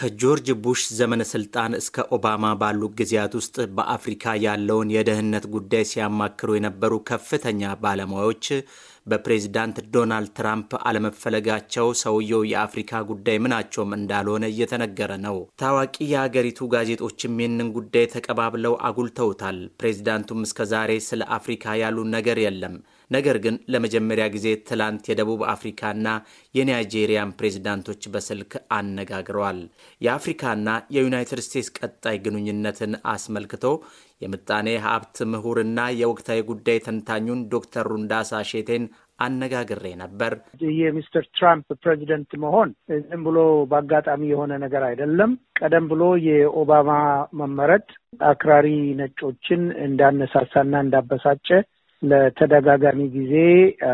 ከጆርጅ ቡሽ ዘመነ ስልጣን እስከ ኦባማ ባሉ ጊዜያት ውስጥ በአፍሪካ ያለውን የደህንነት ጉዳይ ሲያማክሩ የነበሩ ከፍተኛ ባለሙያዎች በፕሬዚዳንት ዶናልድ ትራምፕ አለመፈለጋቸው ሰውየው የአፍሪካ ጉዳይ ምናቸውም እንዳልሆነ እየተነገረ ነው። ታዋቂ የአገሪቱ ጋዜጦችም ይህንን ጉዳይ ተቀባብለው አጉልተውታል። ፕሬዚዳንቱም ዛሬ ስለ አፍሪካ ያሉ ነገር የለም። ነገር ግን ለመጀመሪያ ጊዜ ትላንት የደቡብ አፍሪካና የናይጄሪያን ፕሬዚዳንቶች በስልክ አነጋግረዋል። የአፍሪካና የዩናይትድ ስቴትስ ቀጣይ ግንኙነትን አስመልክቶ የምጣኔ ሀብት ምሁርና የወቅታዊ ጉዳይ ተንታኙን ዶክተር ሩንዳሳ ሼቴን አነጋግሬ ነበር። የሚስተር ትራምፕ ፕሬዚደንት መሆን ዝም ብሎ በአጋጣሚ የሆነ ነገር አይደለም። ቀደም ብሎ የኦባማ መመረጥ አክራሪ ነጮችን እንዳነሳሳና እንዳበሳጨ ለተደጋጋሚ ጊዜ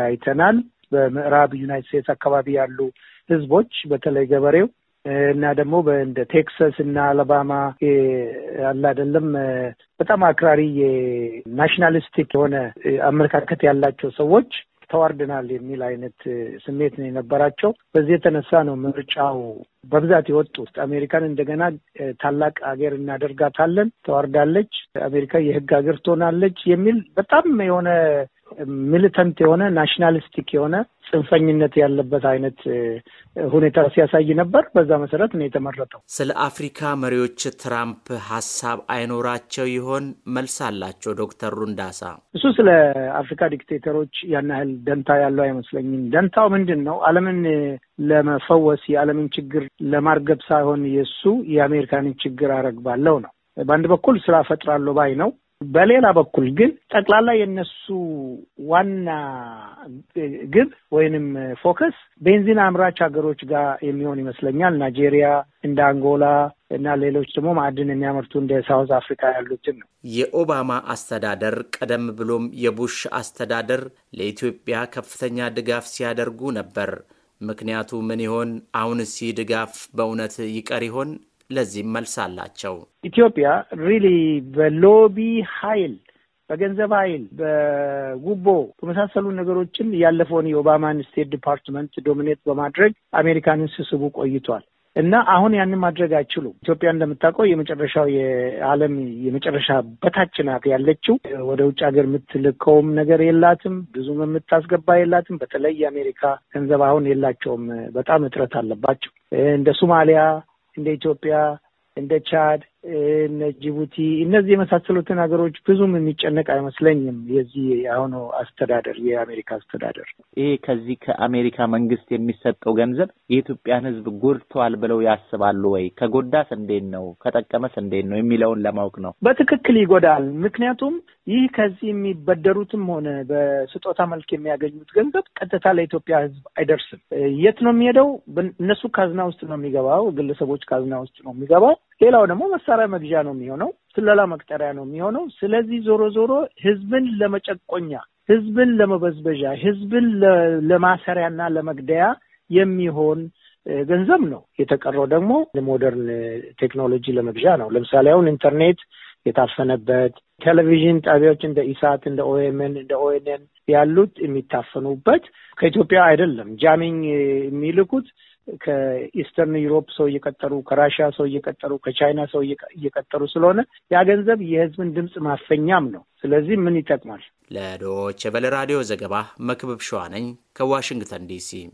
አይተናል። በምዕራብ ዩናይት ስቴትስ አካባቢ ያሉ ህዝቦች በተለይ ገበሬው እና ደግሞ እንደ ቴክሳስ እና አላባማ ያለ አይደለም በጣም አክራሪ የናሽናሊስቲክ የሆነ አመለካከት ያላቸው ሰዎች ተዋርድናል የሚል አይነት ስሜት ነው የነበራቸው። በዚህ የተነሳ ነው ምርጫው በብዛት የወጡት። አሜሪካን እንደገና ታላቅ ሀገር እናደርጋታለን፣ ተዋርዳለች፣ አሜሪካ የህግ ሀገር ትሆናለች የሚል በጣም የሆነ ሚሊተንት የሆነ ናሽናሊስቲክ የሆነ ጽንፈኝነት ያለበት አይነት ሁኔታ ሲያሳይ ነበር። በዛ መሰረት ነው የተመረጠው። ስለ አፍሪካ መሪዎች ትራምፕ ሀሳብ አይኖራቸው ይሆን? መልስ አላቸው ዶክተር ሩንዳሳ? እሱ ስለ አፍሪካ ዲክቴተሮች ያን ያህል ደንታ ያለው አይመስለኝም። ደንታው ምንድን ነው? ዓለምን ለመፈወስ የዓለምን ችግር ለማርገብ ሳይሆን የእሱ የአሜሪካንን ችግር አረግባለው ነው። በአንድ በኩል ስራ ፈጥራለሁ ባይ ነው። በሌላ በኩል ግን ጠቅላላ የነሱ ዋና ግብ ወይንም ፎከስ ቤንዚን አምራች ሀገሮች ጋር የሚሆን ይመስለኛል። ናይጄሪያ፣ እንደ አንጎላ እና ሌሎች ደግሞ ማዕድን የሚያመርቱ እንደ ሳውዝ አፍሪካ ያሉትን ነው። የኦባማ አስተዳደር ቀደም ብሎም የቡሽ አስተዳደር ለኢትዮጵያ ከፍተኛ ድጋፍ ሲያደርጉ ነበር። ምክንያቱ ምን ይሆን? አሁን ሲ ድጋፍ በእውነት ይቀር ይሆን? ለዚህም መልስ አላቸው። ኢትዮጵያ ሪሊ በሎቢ ኃይል በገንዘብ ኃይል በጉቦ በመሳሰሉ ነገሮችን ያለፈውን የኦባማን ስቴት ዲፓርትመንት ዶሚኔት በማድረግ አሜሪካንን ስስቡ ቆይቷል እና አሁን ያንን ማድረግ አይችሉም። ኢትዮጵያ እንደምታውቀው የመጨረሻው የዓለም የመጨረሻ በታች ናት ያለችው። ወደ ውጭ ሀገር የምትልከውም ነገር የላትም፣ ብዙም የምታስገባ የላትም። በተለይ የአሜሪካ ገንዘብ አሁን የላቸውም፣ በጣም እጥረት አለባቸው። እንደ ሶማሊያ እንደ ኢትዮጵያ፣ እንደ ቻድ እነ ጅቡቲ እነዚህ የመሳሰሉትን ሀገሮች ብዙም የሚጨነቅ አይመስለኝም። የዚህ የአሁኑ አስተዳደር የአሜሪካ አስተዳደር ይሄ ከዚህ ከአሜሪካ መንግስት የሚሰጠው ገንዘብ የኢትዮጵያን ሕዝብ ጎድተዋል ብለው ያስባሉ ወይ? ከጎዳስ እንዴት ነው? ከጠቀመስ እንዴት ነው የሚለውን ለማወቅ ነው። በትክክል ይጎዳል። ምክንያቱም ይህ ከዚህ የሚበደሩትም ሆነ በስጦታ መልክ የሚያገኙት ገንዘብ ቀጥታ ለኢትዮጵያ ሕዝብ አይደርስም። የት ነው የሚሄደው? እነሱ ካዝና ውስጥ ነው የሚገባው፣ ግለሰቦች ካዝና ውስጥ ነው የሚገባው ሌላው ደግሞ መሳሪያ መግዣ ነው የሚሆነው፣ ስለላ መቅጠሪያ ነው የሚሆነው። ስለዚህ ዞሮ ዞሮ ህዝብን ለመጨቆኛ፣ ህዝብን ለመበዝበዣ፣ ህዝብን ለማሰሪያና ለመግደያ የሚሆን ገንዘብ ነው። የተቀረው ደግሞ ሞደርን ቴክኖሎጂ ለመግዣ ነው። ለምሳሌ አሁን ኢንተርኔት የታፈነበት ቴሌቪዥን ጣቢያዎች እንደ ኢሳት እንደ ኦኤምን እንደ ኦኤንን ያሉት የሚታፈኑበት ከኢትዮጵያ አይደለም። ጃሚንግ የሚልኩት ከኢስተርን ዩሮፕ ሰው እየቀጠሩ ከራሽያ ሰው እየቀጠሩ ከቻይና ሰው እየቀጠሩ ስለሆነ ያ ገንዘብ የህዝብን ድምፅ ማፈኛም ነው። ስለዚህ ምን ይጠቅማል? ለዶይቼ ቬለ ራዲዮ ዘገባ መክበብ ሸዋነኝ ከዋሽንግተን ዲሲ